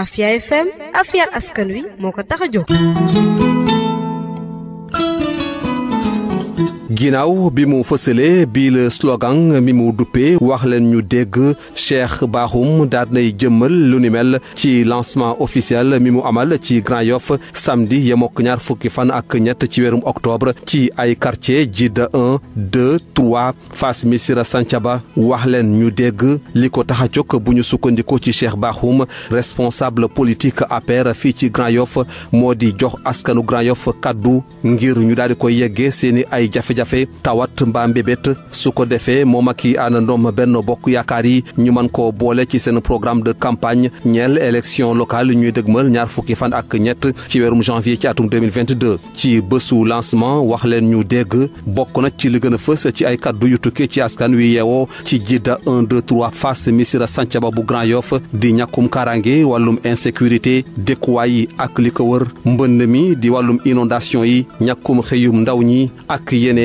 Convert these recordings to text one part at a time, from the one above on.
Afia FM Afia askan wi moo ko tax a jóg. ginnaaw bi mu fësalee bii la slogan mi mu duppee wax leen ñu dégg Cheikh Bakhoum daal nay jëmmal lu ni mel ci lancement officiel mi mu amal ci Grand Yoff samedi yemook ñaar fukki fan ak ñett ci weerum octobre ci ay quartier Djida 1 2 3 Fass Missira Santhiaba wax leen ñu dégg li ko tax a jóg bu ñu sukkandikoo ci Cheikh Bakhoum responsable politique APR fii ci Grand Yoff moo di jox askanu Grand Yoff kaddu ngir ñu daal di koy seeni ay jafe-jafe jafe-jafe tawat mbaa mbébét su ko defee moom ak i àndandoom benn Bokk Yaakaar yi ñu man koo boole ci seen programme de campagne ñeel élection locale ñuy mël ñaar fukki fan ak ñett ci weerum janvier ci atum 2022 ci bésu lancement wax leen ñu dégg bokk na ci li gën a fës ci ay kaddu yu tukkee ci askan wi yeewoo ci jidda 1 2 3 Fass Missirah Santhiaba bu Grand Yoff di ñakkum kaaraange wàllum insécurité dëkkuwaay yi ak li ko wër mbënd mi di wàllum inondation yi ñàkkum xëyum ndaw ñi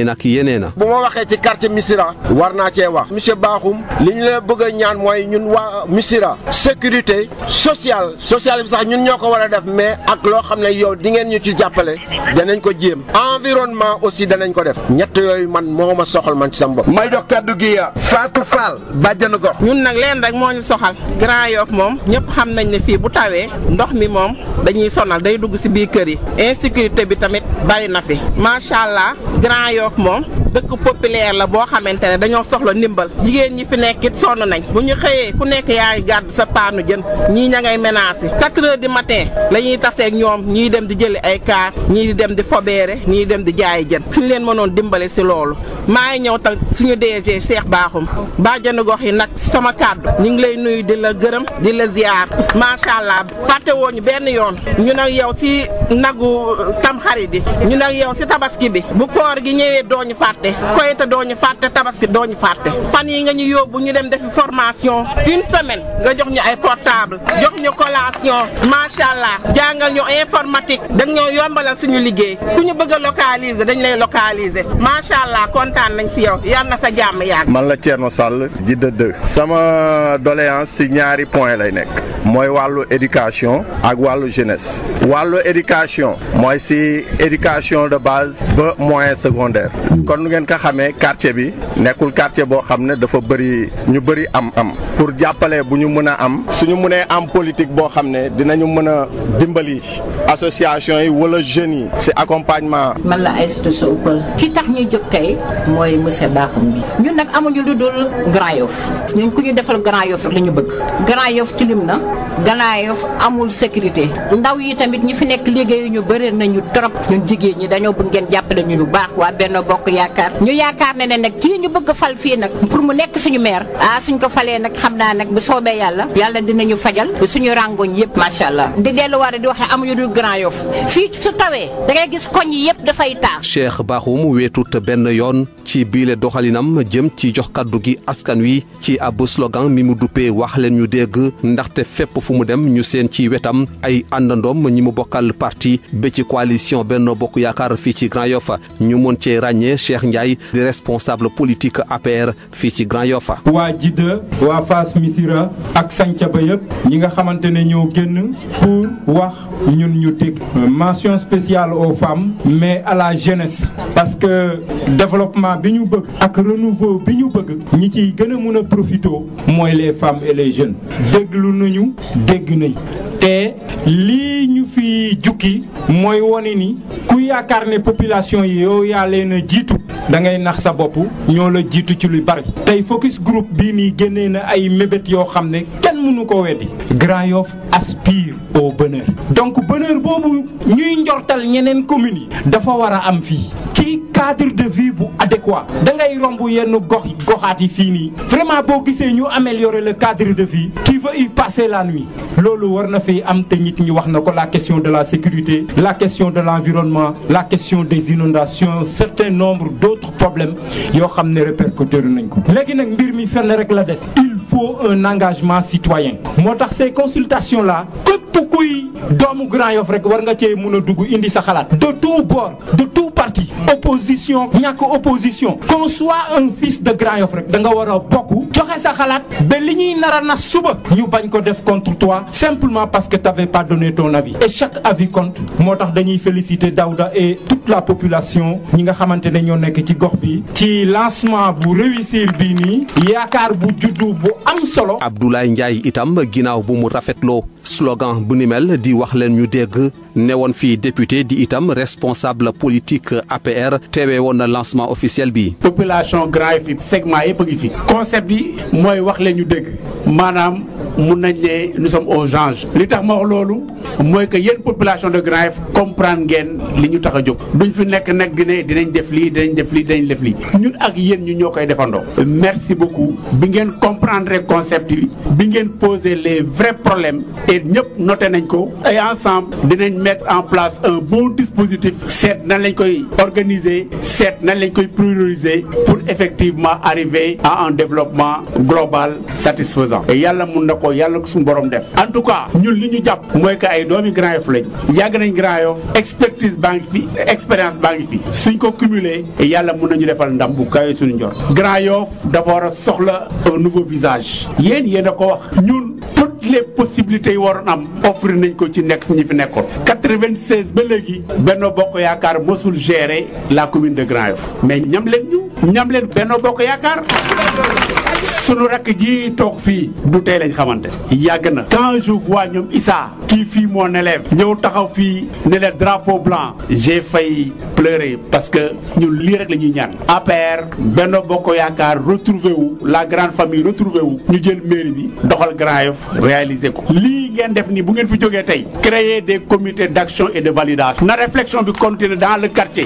yeneen ak yeneen a bu ma waxee ci quartier Missirah war naa cee wax monsieur Bakhoum li ñu la bëgg a ñaan mooy ñun waa Missirah sécurité sociale sociale bi sax ñun ñoo ko war a def mais ak loo xam ne yow di ngeen ñu ci jàppale danañ ko jéem environnement aussi danañ ko def ñett yooyu man moo ma soxal man ci sama bopp. may jox kaddu gi Fatou Fall bàjjanu ko ñun nag leen rek moo ñu soxal Grand Yoff moom ñëpp xam nañ ne fii bu tawee ndox mi moom dañuy sonal day dugg si biir kër yi insécurité bi tamit bari na fi Diop moom dëkk populaire la boo xamante ne dañoo soxla ndimbal jigéen ñi fi nekk it sonn nañ bu ñu xëyee ku nekk yaa ngi gàddu sa paanu jën ñii ña ngay menacé quatre heures di matin la ñuy taseeg ñoom ñii dem di jëli ay kaar ñii di dem di fobeere ñii dem di jaayi jën suñ leen mënoon dimbale si loolu maa ngi ñëw tam suñu DG Cheikh Bakhoum bàjjenu gox yi nag sama kàddu ñu ngi lay nuyu di la gërëm di la ziar macha allah fàtte woo ñu benn yoon ñu nag yow si nagu tam xarit ñu yow si tabaski bi Koweït ñu fàtte Koweït doo ñu fàtte tabaski doo ñu fàtte fan yi nga ñu yóbbu ñu dem defi formation une semaine nga jox ñu ay portable jox ñu collation macha allah jàngal ñu informatique dañ ñoo yombalal suñu liggéey ku ñu bëgg a localiser dañ lay localiser macha allah kontaan nañ si yow yal na sa jàmm yàgg. man la Thierno Sall ji dëdd sama doléance si ñaari point lay nekk mooy wàllu éducation ak wàllu jeunesse wàllu éducation mooy si éducation de base ba moyen kon nu ngeen ko xamee quartier bi nekkul quartier boo xam ne dafa bëri ñu bëri am am pour jàppale bu ñu mën a am suñu mënee am politique boo xam ne dinañu mën a dimbali association yi wala jeunes yi si accompagnement man la Aïssatou Sow Pël ki tax ñu jóg tey mooy monsieur Bakhoum bi ñun nag amuñu lu dul Grand Yoff ñu ku ñu defal Grand Yoff rek la ñu bëgg Grand Yoff tilim na Grand Yoff amul sécurité ndaw yi tamit ñi fi nekk liggéeyu ñu bëri nañu trop ñun jigéen ñi dañoo bëgg ngeen jàppale Benno Bokk Yaakaar ñu yaakaar ne ne nag kii ñu bëgg fal fii nag pour mu nekk suñu maire ah suñ ko falee nag xam naa nag bu soobee yàlla yàlla dinañu fajal suñu rangoñ yëpp macha allah di delluwaare di wax ne amuñu dul Grand Yoff fii su tawee da ngay gis koñ yi yëpp dafay taa. Cheikh Bakhoum te benn yoon ci biile doxalinam jëm ci jox kaddu gi askan wi ci ab slogan mi mu duppee wax leen ñu dégg ndaxte fépp fu mu dem ñu seen ci wetam ay àndandoom ñi mu bokkal parti ràññee Cheikh Ndiaye di responsable politique APR fii ci Grand Yoff waa Jidda waa Fass Missira ak Santhiaba yëpp ñi nga xamante ne ñoo génn pour wax ñun ñu dégg mention spéciale aux femme mais à la jeunesse parce que développement bi ñu bëgg ak renouveau bi ñu bëgg ñi ciy gën a mun a profité mooy les femme et les jeunes déglu nañu dégg nañ te lii ñu fi jukki mooy wone ni ku yaakaar ne population yi yaa leen a jiitu da ngay nax sa bopp ñoo la jiitu ci lu bari tey focus group bii nii génnee na ay mébét yoo xam ne kenn mënu ko weddi Grand Yoff aspire au bonheur donc bonheur boobu ñuy njortal ñeneen communes yi dafa war a am fii ci cadre de vie bu adéquat da romb yenn gox goxaat yi fii nii vraiment boo gisee ñu améliorer le cadre de vie tu veux y passer la nuit loolu war na fi am te nit ñi wax na ko la question de la sécurité la question de l'environnement la question des inondations certain nombre d'autres problèmes yoo xam ne répercuté nañ ko léegi nag mbir mi fenn rek la des il faut un engagement citoyen moo tax ces consultations là képp kuy doomu Grand Yoff rek war nga cee mun a dugg indi sa xalaat de tout bord de tout parti opposition ñàkk opposition qu'on soit un fils de Grand Yoff rek da nga war a bokk joxe sa xalaat ba li ñuy nara na nas suba ñu bañ ko def contre toi simplement parce que t'avais pas donné ton avis et chaque avis compte moo tax dañuy félicité Daouda et toute la population ñi nga xamante ne ñoo nekk ci gox bi ci lancement bu réussir bii nii yaakaar bu juddu bu am solo Abdoulaye Ndiaye itam ginnaaw bu mu rafetloo slogan bu ni mel di wax leen ñu dégg woon fii député di itam responsable politique APR teewee woon na lancement officiel bi. population Grand Yoff fi segment yëpp a ngi fi. concept bi mooy wax leen ñu dégg maanaam. mun nañ ne nous sommes aux anges li tax ma loolu mooy que yéen population de Grand Yoff comprendre ngeen li ñu tax a jóg duñ fi nekk nag di ne dinañ def lii dinañ def lii dinañ def lii ñun ak yéen ñu ñoo koy defandoo. merci beaucoup bi ngeen comprendre concept bi bi ngeen poser les vrais problème et ñëpp noté nañ ko et ensemble dinañ mettre en place un bon dispositif seet nan lañ koy organiser seet nan lañ koy prioriser pour effectivement arriver à un développement global satisfaisant et ko yàlla ko suñu borom def en tout cas ñun li ñu jàpp mooy que ay doomi Grand Yoff lañ yàgg nañ Grand Yoff expertise baa ngi fi expérience baa suñ ko cumulé yàlla mun nañu defal ndam bu kawe suñu njor Grand Yoff dafa war a soxla un nouveau visage yéen yéen a ko wax ñun toutes les possibilités yi waroon am offrir nañ ko ci nekk ñi fi nekkoon 96 ba léegi benn Bokk Yaakaar mosul gérer la commune de Grand Yoff mais ñam leen ñu ñam leen Benno Bokk Yaakaar sunu rakk ji toog fii du tey lañ xamante yàgg na quand je vois ñoom Issa ci fut mon élève ñëw taxaw fii ne drapo drapeau blanc j'ai failli pleurer parce que ñun lii rek la ñuy ñaan APR benn Bokk Yaakaar retrouvé wu la grande famille retrouvé wu ñu jël mairie bi doxal Grand Yoff réaliser ko lii ngeen def ni bu ngeen fi jógee tey créer des comités d'action et de validation na réflexion bi continuer dans le quartier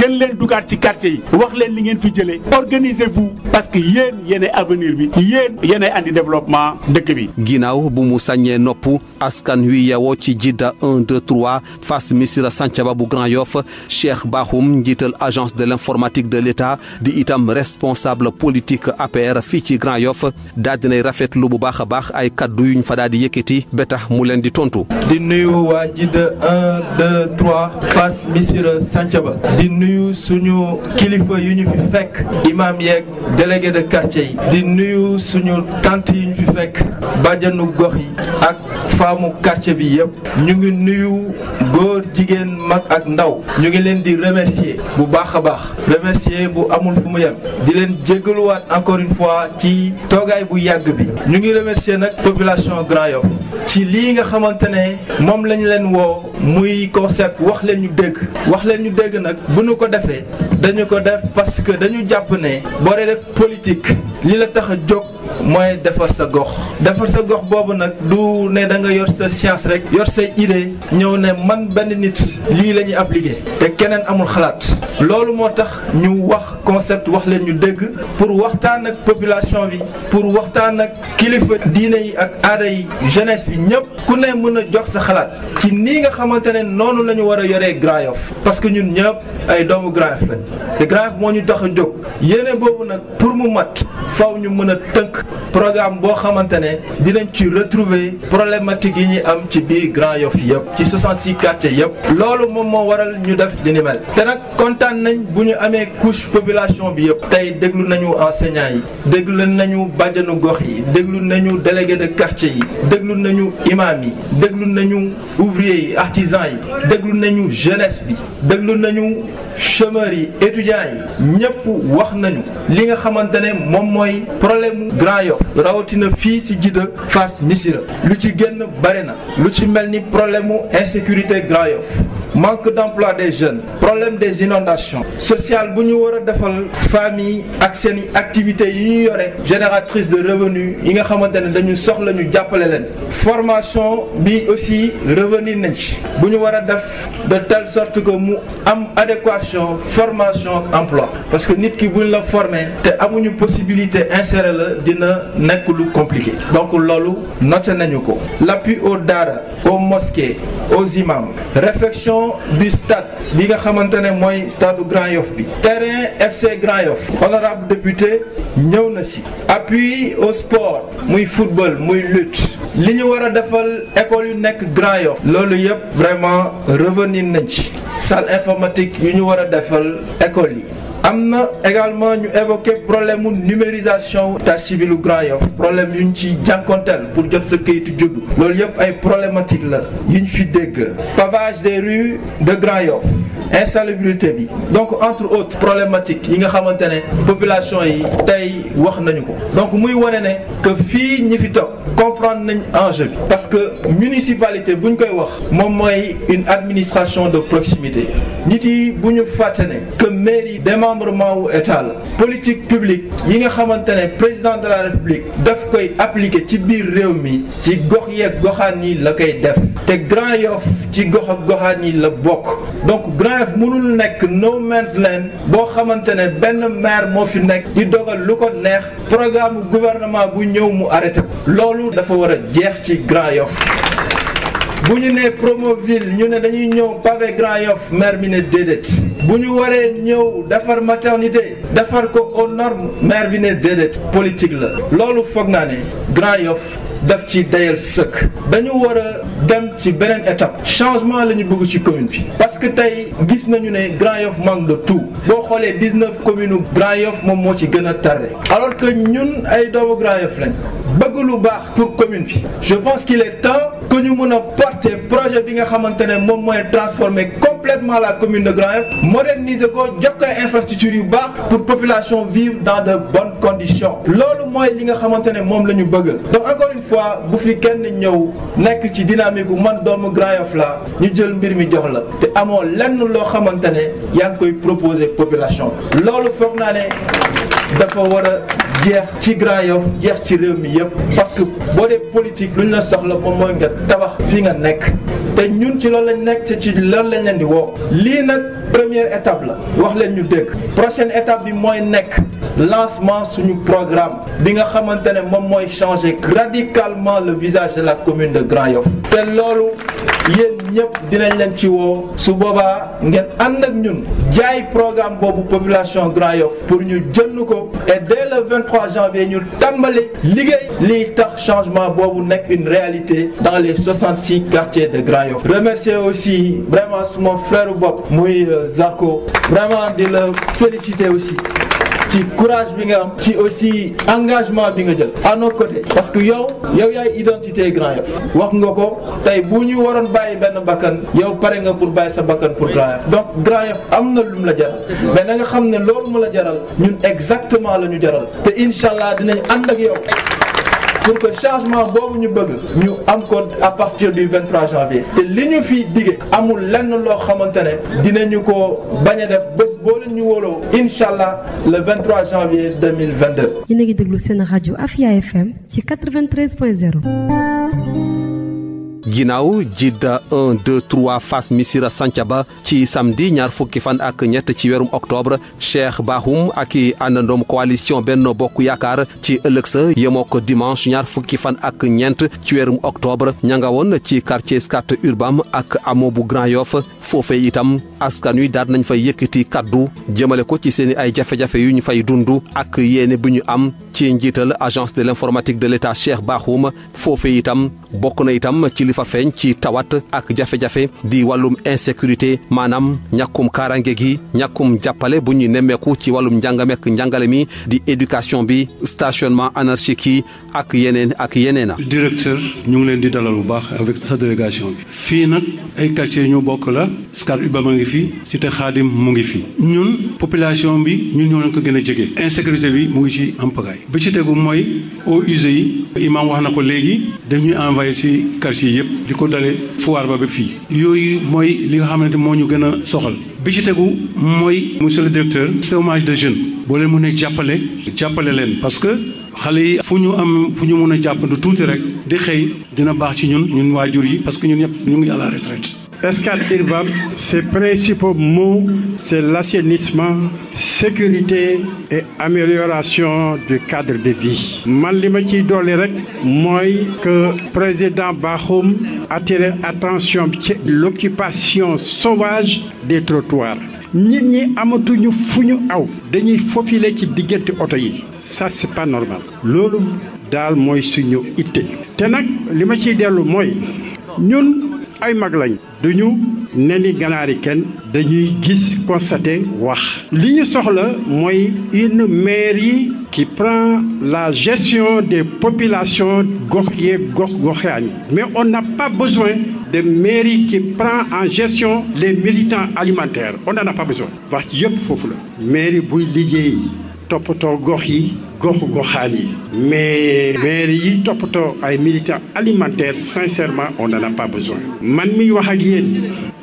gën leen dugaat ci quartier yi wax leen li ngeen fi jëlee organisez-vous parce que yéen yéenay avenir bi yéen yéenay andi développement dëkk bi ginnaaw bu mu sàññee nopp askan wi yuy yawoo ci jidda 1 2 3 Fass Missirah Santhiaba bu Grand Yoff Cheikh Bakhoum njiital agence de l'informatique de l'État di itam responsable politique APR fii ci Grand Yoff daal dinay rafetlu bu baax a baax ay kaddu yuñ fa daal di yëkkati ba tax mu leen di tontu. di nuyu waa jidda 1 2 3 Fass Missirah Santhiaba di nuyu suñu kilifa yu ñu fi fekk imam yeeg délégué de quartier yi di nuyu suñu tant yu fi fekk bàjjanu gox yi ak faamu quartier quartier bi yëpp ñu ngi nuyu góor jigéen mag ak ndaw ñu ngi leen di remercier bu baax a baax remercier bu amul fu di leen jégaluwaat encore fois ci toogaay bu yàgg bi ñu ngi remercier nag population Grand Yoff ci lii nga xamante ne moom lañ leen woo muy concept wax leen ñu dégg wax leen ñu dégg nag bu nu ko defee dañu ko def parce que dañu jàpp ne boo dee def politique li la tax jóg mooy defar sa gox defar sa gox boobu nag du ne da nga yor sa science rek yor say idée ñëw ne man benn nit lii lañuy ñuy appliquer te keneen amul xalaat loolu moo tax ñu wax concept wax leen ñu dégg pour waxtaan ak population bi pour waxtaan ak kilifa diine yi ak aada yi jeunesse bi ñëpp ku ne mën a jox sa xalaat ci nii nga xamante ne noonu la ñu war a yoree Grand Yoff parce que ñun ñëpp ay doomu Grand Yoff te Grand moo ñu tax a jóg yéene boobu nag pour mu mat faw ñu mën a tënk programme boo xamante ne dinañ ci retrouver problématique yi ñu am ci biir Grand Yoff yëpp ci 66 quartiers yëpp loolu moom moo waral ñu def li ni mel te nag kontaan nañ bu ñu amee couche population bi yëpp tey déglu nañu enseignants yi déglu nañu bajanu gox yi déglu nañu délégué de quartier yi déglu nañu imam yi déglu nañu ouvrier yi artisan yi déglu nañu jeunesse bi déglu nañu chômeurs yi étudiants yi ñëpp wax nañu li nga xamante ne moom mooy problème Grand rawatina fii si Jidda fas Missira lu ci génn bare na lu ci mel ni problème mu insécurité Grand manque d'emploi des jeunes problème des inondations sociale bu ñu war a defal famille ak seen i activités yi ñu yore génératrice de revenus yi nga xamante ne dañu soxla ñu jàppale leen formation bi aussi revenir nañ bu ñu war a def de telle sorte que mu am adéquation formation ak emploi parce que nit ki bu la formé te amuñu possibilité insérer la dina nekk lu compliqué donc loolu noté nañu ko l'appui au daara aux mosquées aux imams réflexion fond du stade bi nga xamante ne mooy stade Grand Yoff bi terrain FC Grand Yoff honorable député ñëw na si appui au sport muy football muy lutte li ñu war a defal école yu nekk Grand Yoff loolu yëpp vraiment revenir nañ ci salle informatique yu ñu war a defal école yi am na également ñu évoqué problème mu numérisation état civil u Grand Yoff problème yu ñu ci jànkonteel pour jot sa kayitu juddu loolu yëpp ay problématique la yu ñu fi dégg pavage des rues de Grand Yoff insalubrité bi donc entre autres problématique yi nga xamante ne population yi tey wax nañu ko donc muy wane ne que fii ñi fi toog comprendre nañ enjeu bi parce que municipalité bu ñu koy wax moom mooy une administration de proximité nit yi bu ñu fàtte démembrement wu état la politique publique yi nga xamante ne président de la république daf koy appliquer ci biir réew mi ci gox yeeg goxaan yi la koy def te Grand Yoff ci gox ak goxaan yi la bokk donc Grand Yoff mënul nekk no man's land boo xamante ne benn maire moo fi nekk di dogal lu ko neex programme gouvernement bu ñëw mu arrêté loolu dafa war a jeex ci Grand Yoff bu ñu nee Promoville ñu ne dañuy ñëw pavé Grand Yoff maire bi ne déedéet bu ñu waree ñëw defar maternité defar ko aux maire bi ne déedéet politique la loolu foog naa ne Grand Yoff def ci dayal sëkk dañu war a dem ci beneen étape changement la ñu bëgg ci commune bi parce que tey gis nañu ne Grand Yoff manque de tout boo xoolee 19 commune Grand Yoff moom moo ci gën a tardé alors que ñun ay doomu Grand Yoff lañ bëgg lu baax pour commune bi je pense que ñu mën a porter projet bi nga xamante ne moom mooy transformer complètement la commune de Grand Yoff moderniser ko jox ko infrastructure yu baax pour population vivre dans de bonnes conditions loolu mooy li nga xamante ne moom la ñu bëgg donc encore une fois bu fi kenn ñëw nekk ci dynamique bu man doomu Grand Yoff la ñu jël mbir mi jox la te amoon lenn loo xamante ne yaa ngi koy proposer population loolu foog naa ne dafa war a jeex ci Grand Yoff jeex ci réew mi yëpp parce que boo dee politique lu ñu la soxla moom mooy nga tabax fii nga nekk te ñun ci loolu lañ nekk ci loolu lañ leen di woo lii nag première étape la wax leen ñu dégg prochaine étape bi mooy nekk lancement suñu programme bi nga xamante ne moom mooy changer radicalement le visage de la commune de Grand Yoff te loolu yéen ñëpp dinañ leen ci woo su boobaa ngeen ànd ak ñun jaay programme boobu population Grand Yoff pour ñu jënd ko et dès le 23 janvier ñu tàmbali liggéey liy tax changement boobu nekk une réalité dans les 66 quartiers de Grand Yoff remercier aussi vraiment suma frère bopp muy euh, Zarko vraiment di la féliciter aussi courage bi nga am ci aussi engagement bi nga jël à parce que yow yow yaay identité Grand Yoff wax nga ko tey bu ñu waroon bàyyi benn bakkan yow pare nga pour bàyyi sa bakkan pour Grand Yoff donc Grand Yoff am na lu mu la jaral mais na nga xam ne loolu mu la jaral ñun exactement la ñu jaral te incha allah dinañ ànd ak yow pour que changement boobu ñu bëgg ñu am ko à partir du 23 janvier te li ñu fiy dige amul lenn loo xamante ne ñu ko bañ a def bés boo leen ñu wóoloo incha allah le 23 janvier 2022. yéen a ngi déglu seen rajo Afia FM ci 93.0. ginnaaw jidda 1 2 3 fas misira ba ci samedi ñaar fukki fan ak ñett ci weerum octobre cheikh baaxum ak i àndandoom coalition benno bokk yaakaar ci ëllëg sa yemoo ko dimanche ñaar fukki fan ak ñeent ci weerum octobre ña nga woon ci quartier scat urbam ak amo bu grand yoff foofe itam askan wi daal nañ fay yëkkati kaddu jëmale ko ci seeni ay jafe-jafe yu ñu fay dund ak yéene bu ñu am ci njiital agence de l'informatique de l'état cheikh bahum foofe itam bokk na itam ci li fa feeñ ci tawat ak jafe-jafe di wàllum insécurité maanaam ñàkkum kaarange gi ñàkkum jàppale bu ñuy nemmeeku ci wàllum njàngameek njàngale mi di éducation bi stationnement anarchique yi ak yeneen ak yeneen a directeur ñu ngi leen di dalal bu baax avec sa délégation bi fii nag ay quartier ñu bokk la Scat Urbam a ngi fi Cité Xaadim mu ngi fi ñun population bi ñun ñoo leen ko gën a jege insécurité bi mu ngi ci am pagaay bi ci tegu mooy eaux usées yi imam wax na ko léegi dañuy envoyé ci quartier yëpp di ko dale foire ba ba fii yooyu mooy li nga xamante moo ñu gën a soxal bi ci tegu mooy monsieur le directeur chômage de jeunes boo leen mënee jàppale jàppale leen parce que xale yi fu ñu am fu ñu mën a jàppandu tuuti rek di xëy dina baax ci ñun ñun waajur yi parce que ñun ñëpp ñu ngi à la Escale urbaine, ses principaux mots, c'est l'assainissement, sécurité et amélioration du cadre de vie. man li ma ci dolli rek mooy que président Bakhoum attirer attention ci l'occupation sovage des trottoirs. nit ñi amatuñu fu ñu aw dañuy faufiler ci diggante oto yi ça c'est pas normal loolu daal mooy suñu itte te nag li ma ciy dellu mooy ñun. ay mag lañ duñu neni ganaari kenn dañuy gis constater wax li ñu soxla mooy une mairie qui prend la gestion des populations gox yee gox goxaan yi mais on n'a pas besoin de mairie qui prend en gestion les militants alimentaires on n'en a pas besoin wax yëpp foofu la mairie buy liggéey toppatoo gox yi gox goxaan yi. mais maire yi toppatoo ay militants alimentaires sincèrement on n'en a pas besoin. man miy wax ak yéen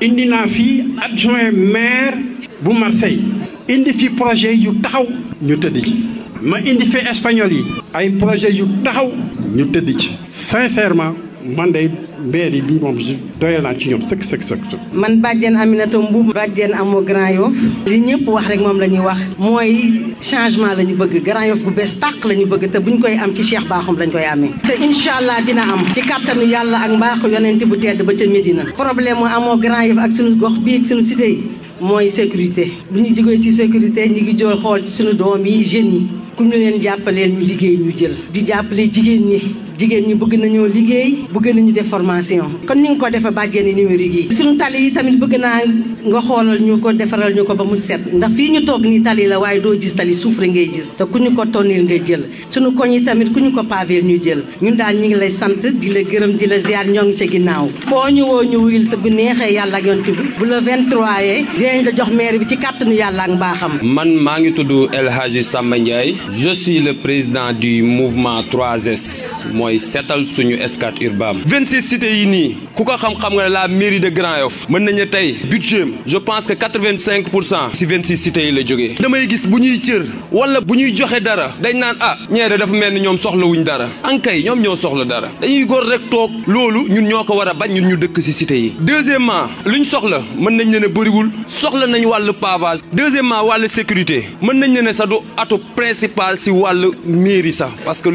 indi naa fii adjoint maire bu Marseille indi fi projet yu taxaw ñu tëdd ci. ma indi fi espagnol yi. ay projet yu taxaw ñu tëdd ci. sincèrement. man de maire yi bii moom doyal ci ñoom sëkk sëkk sëkk. man bàjjen Aminata Mbuub bàjjen amoo Grand Yoff li ñëpp wax rek moom la ñuy wax mooy changement la ñu bëgg Grand Yoff bu bees tàq la ñu bëgg te buñ koy am ci Cheikh Bakhoum lañ koy amee te incha allah dina am ci kàttanu yàlla ak mbaaxu yonent bu tedd ba ca Médina problème mu amoo Grand Yoff ak suñu gox bii ak suñu cité yi mooy sécurité bu ñu jógee ci sécurité ñu ngi jool xool ci suñu doom yi jeunes yi ku ñu leen jàppaleen ñu liggéey ñu jël di jàppale jigéen ñi jigéen ñi bëgg nañoo liggéey bëgg nañu def formation kon ni nga ko defee bàjjeni numérique yi suñu tali yi tamit bëgg naa nga xoolal ñu ko defaral ñu ko ba mu set ndax fii ñu toog nii tali la waaye doo gis tali suuf rek ngay gis te ku ñu ko tonnil ngay jël suñu koñ yi tamit ku ñu ko paaveel ñu jël ñun daal ñu ngi lay sant di la gërëm di la ziar ñoo ngi ca ginnaaw foo ñu woo ñu wuyul te neexee yàlla ak yonent bi bu la 23 yee dinañ jox maire bi ci kàttanu yàlla ak mbaaxam man maa ngi tudd El Hadji Samba Ndiaye je le président du mouvement 3S mooy seetal suñu escart urbain 26 cités yi nii ku ko xam-xam nga ne la mairie de Grand Yoff mën nañu tey budget je pense que 85 pour cent si yi la jógee damay gis bu ñuy cër wala bu ñuy joxe dara dañ naan ah ñeere dafa mel ni ñoom soxlawuñ dara ankay ñoom ñoo soxla dara dañuy góor rek toog loolu ñun ñoo ko war a bañ ñun ñu dëkk si cité yi deuxièmement luñ soxla mën nañ ne bëriwul soxla nañ wàllu paval deuxièmement wàllu sécurité mën nañ ne sa du atu si wàllu mairie sax parce que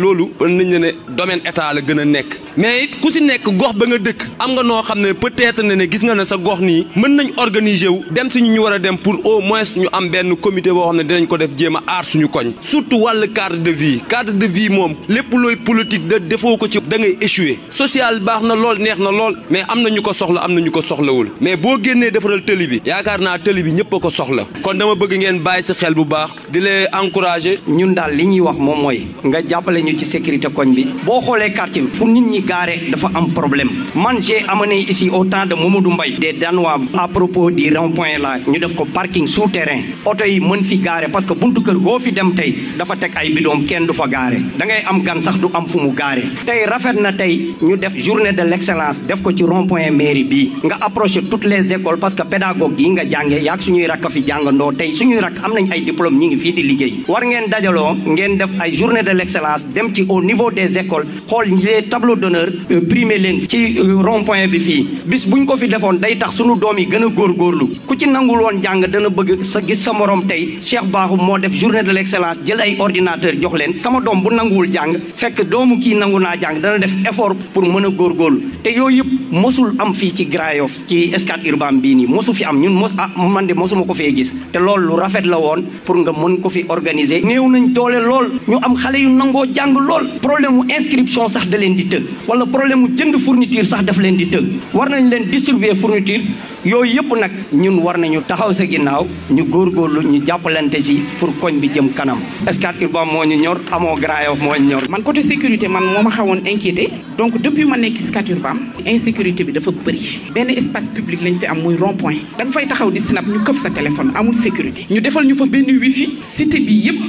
beneen état la gën a nekk mais it ku si nekk gox ba nga dëkk am nga noo xam ne peut-être ne ne gis nga ne sa gox nii mën nañ organiser wu dem si ñu war a dem pour au moins ñu am benn comité boo xam ne dinañ ko def jéema a suñu koñ surtout wàllu cadre de vie cadre de vie moom lépp looy politique da defoo ko ci da ngay échoué social baax na lool neex na lool mais am na ñu ko soxla am na ñu ko soxlawul mais boo génnee defaral tëli bi yaakaar naa tëli bi ñëpp ko soxla kon dama bëgg ngeen bàyyi si xel bu baax di leen encouragé ñun daal li ñuy wax moom mooy nga jàppale ñu ci sécurité koñ bi xoolee quartier bi fu nit ñi gaare dafa am problème man j'ai amené ici au temps de Mamadou mbay des Danois à propos du rond-point ñu def ko parking souterrain oto yi mën fi gaare parce que buntu kër goo fi dem tey dafa teg ay bidoom kenn du fa gaare da ngay am gan sax du am fu mu gaare tey rafet na tey ñu def journée de l'excellence def ko ci rond-point mairie bii nga approché toutes les écoles parce que pédagogue yi nga jàngee yaag suñuy rakk fi jàngandoo tey suñuy rakk am nañ ay diplôme ñi ngi fii di liggéey war ngeen dajaloo ngeen def ay journée de l'excellence dem ci au niveau des écoles xool les tableaux d'honneur euh, primé leen ci euh, rond bi fii bis buñ ko fi defoon day tax sunu doom yi gën a góor góorlu ku ci nangul woon jàng dana bëgg sa gis sa moroom tey Cheikh Bakhoum moo def journée de l'excellence jël ay ordinateur jox leen sama doom bu nanguwul jàng fekk doomu kii nangu naa jàng dana def effort pour mën a góorgóorlu te yooyu yëpp mosul am fii ci Grand yof ci Scat Urbam bii nii mosu fi am ñun mos ah man de mosuma ko fee gis te loolu lu rafet la woon pour nga mën ko fi organiser néew nañ doole lool ñu am xale yu nangoo jàng lool problème mu inscrit corruption sax da leen di tëgg wala problème mu jënd fourniture sax daf leen di tëgg war nañ leen distribuer fourniture yooyu yëpp nag ñun war nañu taxaw sa ginnaaw ñu góorgóorlu ñu jàppalante ci pour koñ bi jëm kanam Scat Urbam moo ñu ñor amoo Grand Yoff moo ñor man côté sécurité man moo ma xawoon inquiété donc depuis ma nekk Scat Urbam insécurité bi dafa bëri benn espace public lañ fi am muy rond point da nga fay taxaw di snap ñu këf sa téléphone amul sécurité ñu defal ñu fa benn wifi cité bi yëpp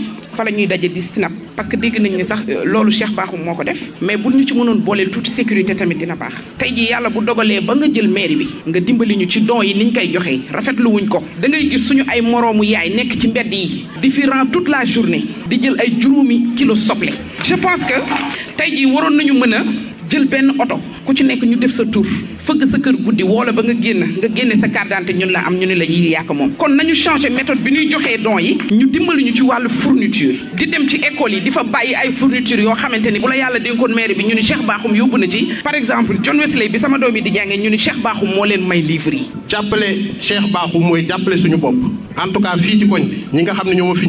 fa la daje di snap parce que dégg nañ ne sax euh, loolu Cheikh Bakhoum moo ko def mais bu ñu ci mënoon booleel tuuti sécurité tamit dina baax tey ji yàlla bu dogalee ba nga jël mairie bi nga dimbali ñu ci don yi niñ koy joxee rafetlu wuñ ko da ngay gis suñu ay moroomu yaay nekk ci mbedd yi di fi rend la journée di jël ay juróomi kilo soble je pense que tey ji waroon nañu mën a jël benn oto ku ci nekk ñu def sa tuuf fëgg sa kër guddi woola ba nga génn nga génne sa carte d'identité ñun la am ñu ne la yi yàq moom kon nañu changé méthode bi ñuy joxee don yi ñu dimbali ñu ci wàllu fourniture di dem ci école yi di fa bàyyi ay fourniture yoo xamante ni bu la yàlla dénkoon maire bi ñu ni Cheikh Bakhoum yóbbu na ci par exemple John Wesley bi sama doom yi di jàngee ñu ni Cheikh Bakhoum moo leen may livre yi jàppale Cheikh Bakhoum mooy jàppale suñu bopp en tout cas fii ci bi ñi nga xam ne ñoo ma fi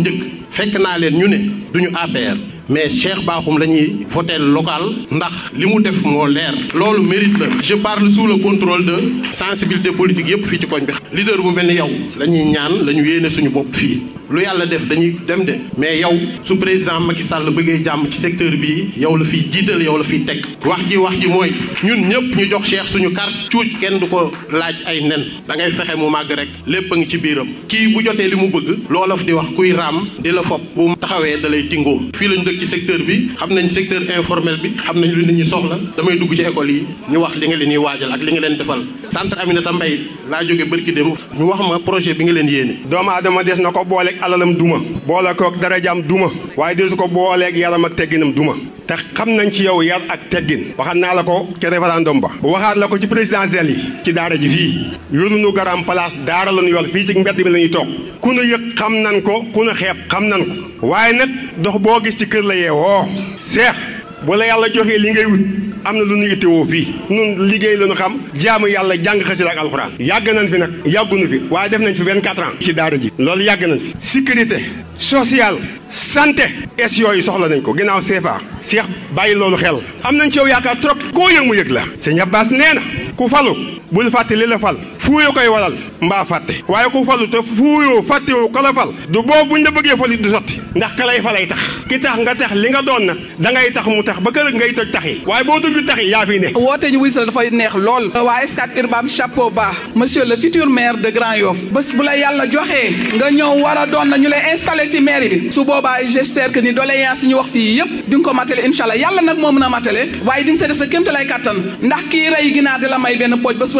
fekk naa leen ñu ne duñu APR mais Cheikh baaxum la ñuy voté local ndax li mu def moo leer loolu mérite la je parle sous le contrôle de sensibilité politique yëpp fii ci koñ bi leader bu mel ni yow la ñuy ñaan la ñu yéene suñu bopp fii lu yàlla def dañuy dem de mais yow su président Macky Sall bëggee jàmm ci secteur bi yow la fiy jiital yow la fiy teg wax ji wax ji mooy ñun ñëpp ñu jox Cheikh suñu carte cuuj kenn du ko laaj ay nen da ngay fexe mu màgg rek lépp a ngi ci biiram kii bu jotee li mu bëgg loolof di wax kuy raam di la fopp bu taxawee da lay tingoom ci secteur bi xam nañ secteur informel bi xam nañ lu nit ñi soxla damay dugg ci école yi ñu wax li nga leen ñuy waajal ak li nga leen defal centre Aminata Mbaye laa jóge bërki dem ñu wax ma projet bi nga leen yéene doomu aadama des na ko booleeg alalam duma boole koog darajaam duma waaye desu ko booleeg yaram ak tegginam duma te xam nañ ci yow yar ak teggin waxaat naa la ko ca référendum ba waxaat la ko ci présidentielle yi ci daara ji fii yorunu garam place daara la ñu yor fii ci mbedd bi la toog ku nu yëg xam nañ ko ku nu xeeb xam nañ ko waaye nag dox boo gis ci kër la yeewoo seex bu la yàlla joxee li ngay wut am na lu nu yittewoo fii nun liggéey la ñu xam jaamu yàlla jàng xasida laa alxuraan yàgg nañ fi nag yàggunu fi waaye def nañ fi 24 ans ci daara ji loolu yàgg nañ fi sécurité sociale santé es yooyu soxla nañ ko ginnaaw CFA Cheikh bàyyi loolu xel am nañ ci yow yaakaar trop koo yëg mu yëg la sëñ Abbas nee na ku falu bul fàtte li la fal fuuyoo koy waral mbaa fàtte waaye ku falu te fuuyoo fàttewoo ko la fal du boobu buñ la bëggee fali du sotti ndax ka falay tax ki tax nga tax li nga doon na da ngay tax mu tax ba kër ngay toj tax yi waaye boo toj tax yi yaa fiy nekk woote ñu wuy sal dafay neex lool waa Scat Urbam chapeau bas monsieur le futur maire de Grand Yoff bés bu la yàlla joxee nga ñëw war a doon na ñu lay installé ci mairie bi su boobaa j'espère que ni yëpp di ko matale incha allah yàlla nag moo mën a matale waaye di nga sa def sa kémta benn pooj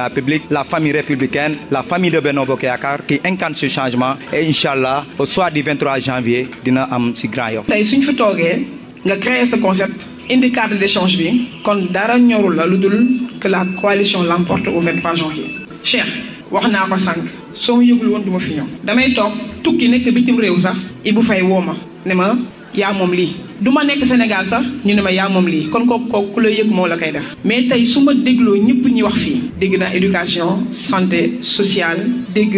la République, la famille républicaine, la famille de Benno Bokk Yaakaar qui incarne ce changement et incha allah soir du janvier dina am ci Grand Yoff. tey suñ fi toogee nga créer ce concept indi cadre d'échange bi kon dara ñorul la lu dul que la coalition l'emporte au 23 janvier. Cheikh wax naa ko sànq soo ma yëgul woon du ma fi ñëw damay toog tukki nekk bitim réew sax Ibou Faye woo ma ne ma yaa moom lii. du ma nekk Sénégal sax ñu ne ma yaa moom lii kon kooku kooku ku la yëg moo la koy def. mais tey suma dégloo ñëpp ñi wax fii dégg naa éducation santé sociale dégg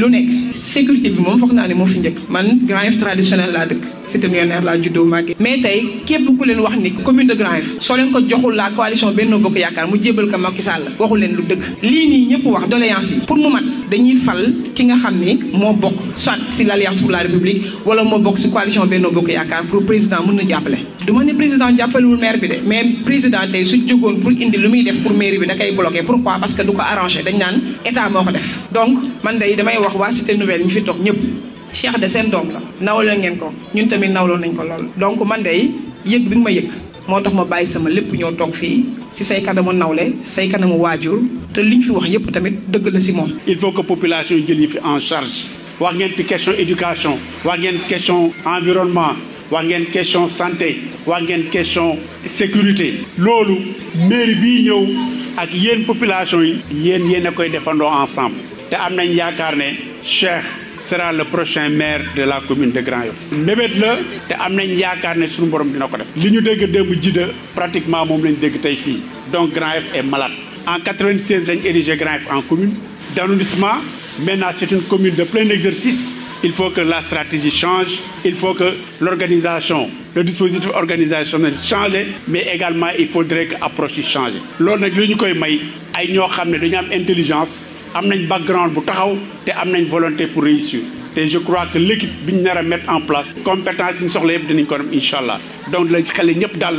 lu nekk sécurité bi moom foog naa ne moom fi njëkk man Grand Yoff traditionnel laa dëkk. cité millionnaire laa juddoo màggee mais tey képp ku leen wax ni commune de Grand Yoff soo leen ko joxul la coalition Benno Bokk Yaakaar mu jébal ko Macky Sall waxul leen lu dëgg lii nii ñëpp wax doléance yi pour mu mat dañuy fal ki nga xam ni moo bokk soit si l' alliance pour la république wala moo bokk si coalition Benno Bokk Yaakaar pour président mën na jàppale du ma ne président jàppalewul maire bi de mais président tey su jógoon pour indi lu muy def pour mairie bi da koy bloqué pourquoi parce que du ko arrangé dañ naan état moo ko def donc man ñëpp Cheikh de seen doom la nawloo ngeen ko ñun tamit nawloo nañ ko lool donc man de yëg bi nga ma yëg moo tax ma bàyyi sama lépp ñoo toog fii ci say kanamu nawle say kanamu waajur te li ñu fi wax yëpp tamit dëgg la ci moom. il faut que population jël yi fi en charge. wax ngeen fi question éducation. wax ngeen question environnement. wax ngeen question santé. wax ngeen question sécurité. loolu maire bii ñëw ak yéen population yi. yéen yéen a koy defandoo ensemble. te am nañ yaakaar ne Cheikh. sera le prochain maire de la commune de Grand-Yoff mébét la te am nañ yaakaar ne suñu borom dina ko def li ñu dégg démb jida pratiquement moom lañ dégg tey fii donc Grand-Yoff est malade en 96 lañ érigé Grand-Yoff en commune d'arrondissement maintenant c'est une commune de plein exercice il faut que la stratégie change il faut que l'organisation le dispositif organisationnel change mais également il faudrait que approche yi change loolu nag li ñu ko may ay ñoo xam ne dañu am intelligence am nañ background bu taxaw te am nañ volonté pour réussir te je crois que l' bi ñu nar a mettre en place compétence yi ñu soxla yëpp dinañ ko am incha allah donc la xale ñëpp daal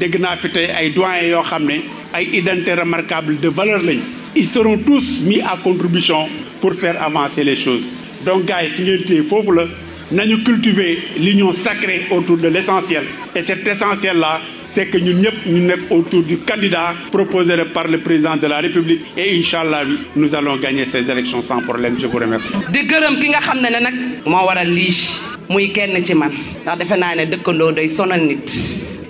dégg naa fi tey ay doyen yoo xam ne ay identité remarquable de valeur lañ ils seront tous mis à contribution pour faire avancer les choses donc gars yi fi ngeen téye foofu la nañu cultiver l'union sacrée autour de l' essentiel et cet essentiel la c'est que ñun ñëpp ñu nekk autour du candidat proposé par le président de la République et incha allah nous allons gagner ces élections sans problème je vous remercie. di gërëm ki nga xam ne ne nag moo waral lii muy kenn ci man ndax defe naa ne dëkkandoo day sonal nit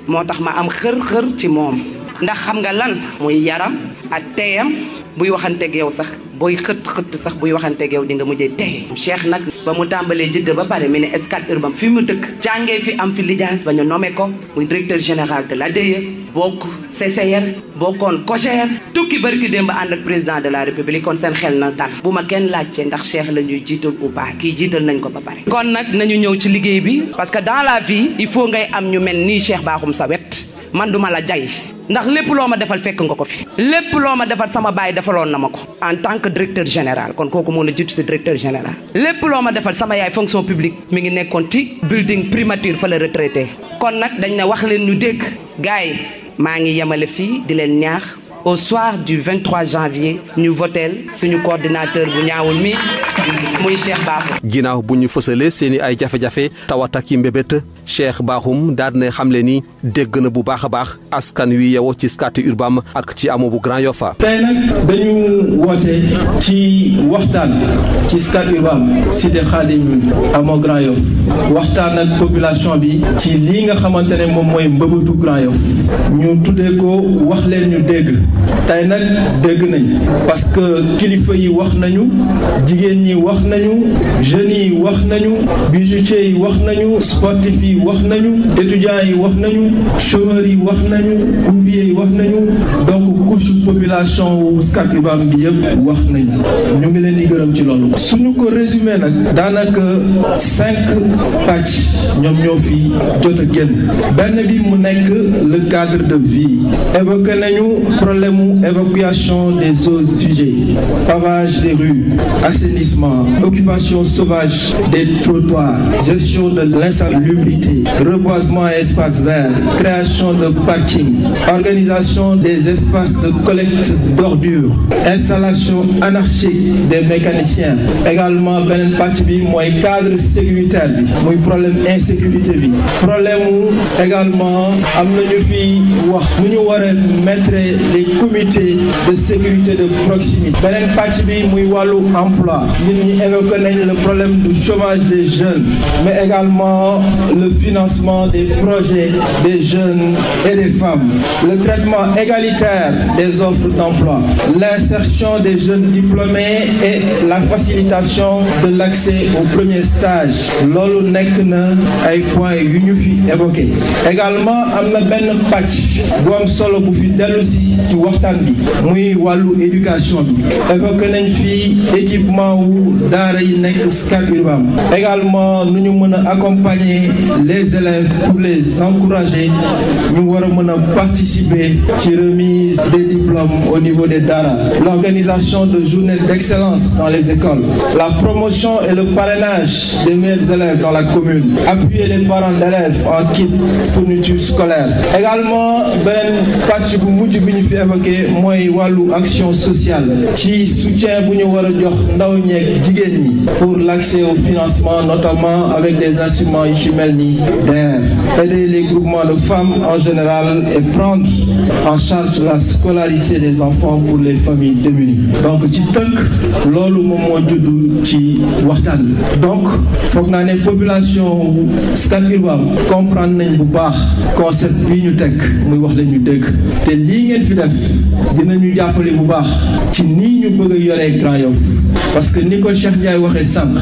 moo tax ma am xër-xër ci moom ndax xam nga lan muy yaram ak teyam buy waxanteeg yow sax booy xëtt xëtt sax buy waxanteeg yow di nga mujjee tey Cheikh nag. ba mu tàmbalee jidda ba pare mu ne Scat Urbam fi mu dëkk jàngee fi am fi licence ba ñu nommé ko muy directeur général de l'ADIE bokk CCR bokkoon COJER tukki barki démb ànd ak président de la république kon seen xel na dal bu ma kenn laajte ndax Cheikh la ñuy jiital ou pas kii jiital nañ ko ba pare kon nag nañu ñëw ci liggéey bi parce que dans la vie il faut ngay am ñu mel nii Cheikh Bakhoum sa wet man duma la jay ndax lépp loo ma defal fekk nga ko fi lépp loo ma defal sama baay defaloon na ma ko en tant que directeur général kon kooku moo la jiitu si directeur général lépp loo ma defal sama yaay fonction publique mi ngi nekkoon ci building primature fa la retraité kon nag dañ ne wax leen ñu dégg gars yi maa ngi yemale fii di leen ñaax au soir du 23 janvier ñu voteel suñu coordinateur bu ñaawul mi muy Cheikh Bakhoum. ginnaaw bu ñu fësalee seen i ay jafe-jafe tawat ak i mbébét Cheikh baaxum daal na xamle ni dégg na bu baax a baax askan wi yeewoo ci Scat Urbam ak ci amoo bu Grand Yoff. tey nag dañu woote ci waxtaan ci Scat Urbam cité Khadim amoo Grand Yoff waxtaan ak population bi ci li nga xamante ne moom mooy mbëbëtu Grand Yoff ñu tuddee ko wax leen ñu dégg. tey nag dégg nañu parce que kilifa yi wax nañu jigéen ñi wax nañu jeunes yi wax nañu bijoutiers yi wax nañu sportif yi wax nañu étudiants yi wax nañu chômeurs yi wax nañu ouvriers yi wax nañu donc couche population wu Scat bi yëpp wax nañu ñu ngi leen di gërëm ci loolu. suñu ko résumé nag daanaka cinq pàcc ñoom ñoo fi jot génn benn bi mu nekk le cadre de vie évoqué nañu problème évacuation des eaux usées, pavage des rues, assainissement, occupation sauvage des trottoirs, gestion de l'insalubrité, reboisement et espaces verts, création de parkings, organisation des espaces de collecte d'ordures, installation anarchique des mécaniciens. également beneen pàcc bi mooy cadre sécuritaire bi muy problème insécurité bi comité de sécurité de proximité beneen pàcc bi muy wàllu emploi nit ñi évoqué nañ le problème du chômage des jeunes mais également le financement des projets des jeunes et des femmes le traitement égalitaire des offres d'emploi l'insertion des jeunes diplômés et la facilitation de l'accès au premier stage loolu nekk na ay points yu ñu fi évoqué également am na benn pàcc bu am ci waxtaan bi muy wallu éducation bi évoqué nañ fii équipement wu daara yi nekk Scat Urbam également nu ñu mën a accompagner les élèves pour les encourager ñu war a mën a participer ci remise des diplômes au niveau des daara l'organisation de journées d'excellence dans les écoles la promotion et le parrainage des meilleurs élèves dans la commune appuyer les parents d'élèves en kit fourniture scolaire également beneen pàcc bu mujj bi ñu évoqué mooy wàllu action sociale ci soutien bu ñu war a jox ndaw ñeeg jigéen ñi pour l'accès au financement notamment avec des instruments yu ci mel ni DER les groupements de femmes en général et prendre en charge la scolarité des enfants pour les familles démunies donc ci tënk loolu moom moo judd ci waxtaan bi donc foog naa ne population Scat Urbam comprendre nañ bu baax concept bi ñu teg muy wax leen ñu dégg te lii ngeen fi def ñu jàppale bu baax ci nii ñu bëgg yore yoree Grand parce que ni ko Cheikh Ndiaye waxee sànq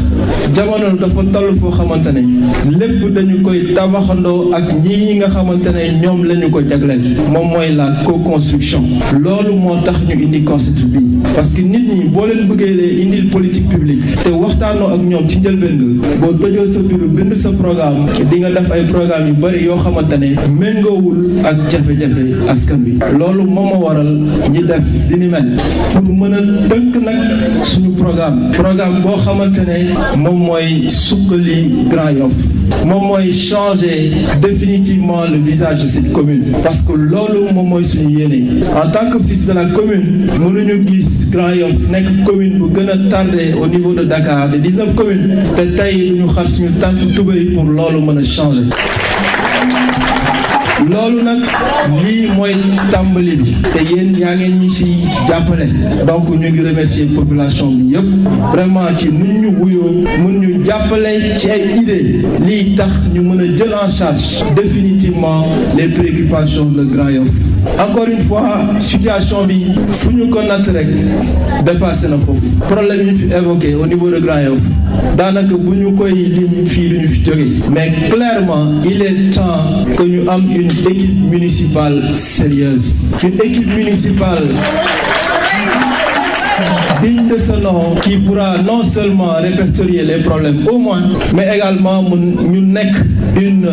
jamono dafa toll foo xamante ne lépp dañu koy tabaxandoo ak ñii nga xamante ne ñoom lañu ko jagleel moom mooy mooy la co loolu moo tax ñu indi concept bi parce que nit ñi boo leen bëggee lee indil politique publique te waxtaanoo ak ñoom ci njëlbeen nga boo tojoo sa bureau bind sa programme di nga def ay programme yu bëri yoo xamante ne méngoowul ak jafe-jafe askan bi loolu moom moo waral ñi def li ni mel pour mën a tënk nag suñu programme programme boo xamante ne moom mooy sukkali Grand Yoff moom mooy changer définitivement le visage de cette commune parce que loolu moom mooy suñu yéene en tant que fils de la commune mënuñu gis Grand Yoff nekk commune bu gën a tardé au niveau de Dakar de 19 communes te tey ñu xar suñu tànk tubéy pour loolu mën a changer loolu nag lii mooy tàmbali bi te yéen yaa ngeen ñu si jàppale donc ñu ngi remercier population bi yëpp vraiment ci mun ñu wuyoo mun ñu jàppale ci ay idée lii tax ñu mën a jël en charge définitivement les préoccupations de Grand Yoff encore une fois situation bi fu ñu ko natt rek dépassé na foofu problème yi ñu fi évoqué au niveau de Grand Yoff daanaka bu ñu koy lim fii du ñu fi jógee mais clairement il est temps que ñu am une équipe municipale sérieuse une équipe municipale digne de ce nom qui pourra non seulement répertorier les problèmes au moins, mais également ñu nekk une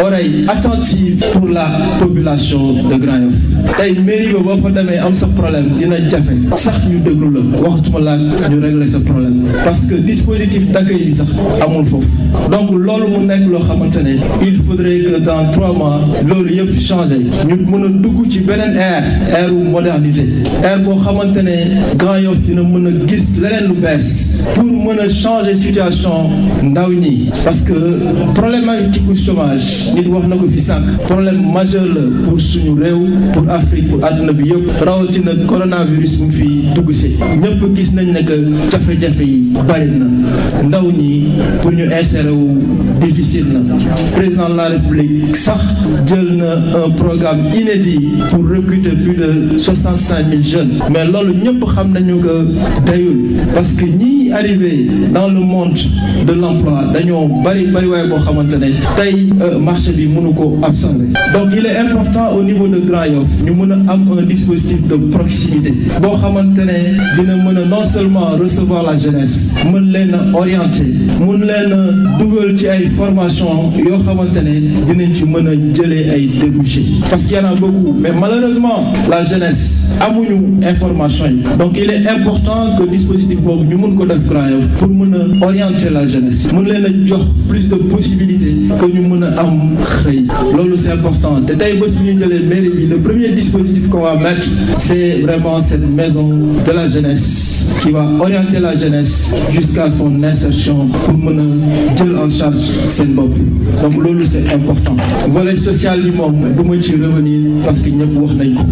oreille attentive pour la population de Grand Yoff. tey mairie ba boo fa demee am sa problème dina jafe sax ñu déglu la waxtuma laa ñu régler sa problème parce que dispositif d'accueil bi sax amul foofu donc loolu mu nekk loo xamante ne il faudrait que dans trois mois loolu yëpp changé ñu mën a dugg ci beneen ère ère modernité ère boo xamante Grand mën a gis leneen lu bees pour mën a changer situation ndaw ñi parce que problématique du chômage nit wax na ko fi sànq problème majeur la pour suñu réew pour Afrique pour àdduna bi yëpp rawatina coronavirus mu fi dugg si ñëpp gis nañ ne que jafe-jafe yi bari na ndaw ñi pour ñu insérer wu difficile na président la République sax jël na un programme inédit pour recruter plus de jeunes mais loolu ñëpp xam nañu que tayul parce que ñii arrivé dans le monde de l'emploi dañoo bari bari waaye boo xamante ne tey euh, marché bi munu ko absorber donc il est important au niveau de Grand Yoff ñu mun a am un dispositif de proximité boo xamante ne dina mën a non seulement recevoir la jeunesse mën leen a orienter mën leen a dugal ci ay formation yoo xamante ne dinañ ci mën a jëlee ay débouchés parce que y en a beaucoup mais malheureusement la jeunesse amuñu information yi donc temps que dispositif boobu ñu mun ko def Grand Yoff pour mën a orienter la jeunesse mun leen a jox plus de possibilités que ñu mun a am xëy loolu c'est important te tey bés ñu jëlee mairie bi le premier dispositif qu'on va mettre c'est vraiment cette maison de la jeunesse qui va orienter la jeunesse jusqu'à son insertion pour mën a jël en charge seen bopp donc loolu c'est important volet social bi moom du ma revenir parce que ñëpp wax nañ ko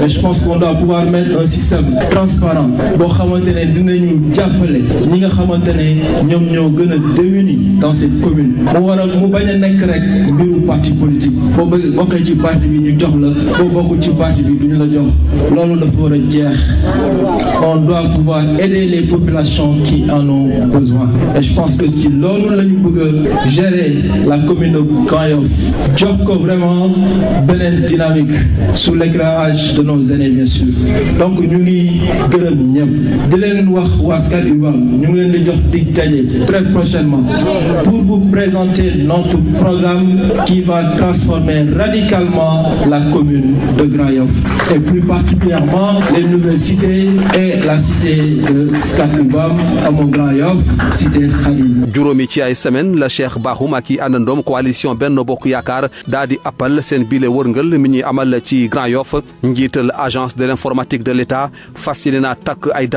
mais je pense qu'on doit pouvoir xamante ne dinañu jàppale ñi nga xamante ne ñoom ñoo gën a démuni dans cette commune mu war a mu bañ a nekk rek mbiru parti politique boo bokkee ci parti bi ñu jox la boo bokkul ci parti bi duñu la jox loolu dafa war a jeex on doit pouvoir aider les population qui en ont besoin je pense que ci loolu lañu ñu bëgg a la commune de Grand Yoff jox ko vraiment beneen dynamique sous l'éclairage de nos aînés bien donc ñu ngi gërëm ñëpp di leen wax waa Scat Urbam ñu ngi leen di jox dig daje très prochainement pour vous présenter notre programme qui va transformer radicalement la commune de Grand Yoff et plus particulièrement les nouvelles cités et la cité de Scat Urbam amoo Grand Yoff cité Khalil. juróomi ci ay semaine la Cheikh baaxuma ak i àndandoom coalition Benno Bokk Yaakaar daa di appal seen bile wërngël mi ñuy amal ci Grand Yoff njiital agence de l'informatique de l'État fas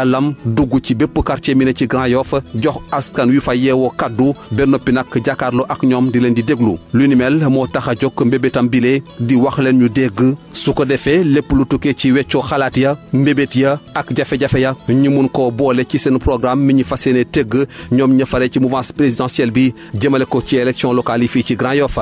lam dugg ci bépp quartier mi ne ci Grand Yoff jox askan wi fa yeewoo kàddu ba noppi nag jàkkaarloo ak ñoom di leen di déglu lu ni mel moo tax a jóg mbébétam bile di wax leen ñu dégg su ko defee lépp lu tukkee ci weccoo xalaat ya mbébét ya ak jafe-jafe ya ñu mun koo boole ci seen programme mi ñu fas yéene tëgg ñoom ña ci mouvance présidentielle bi jëmale ko ci élection locale yi fii ci Grand Yoff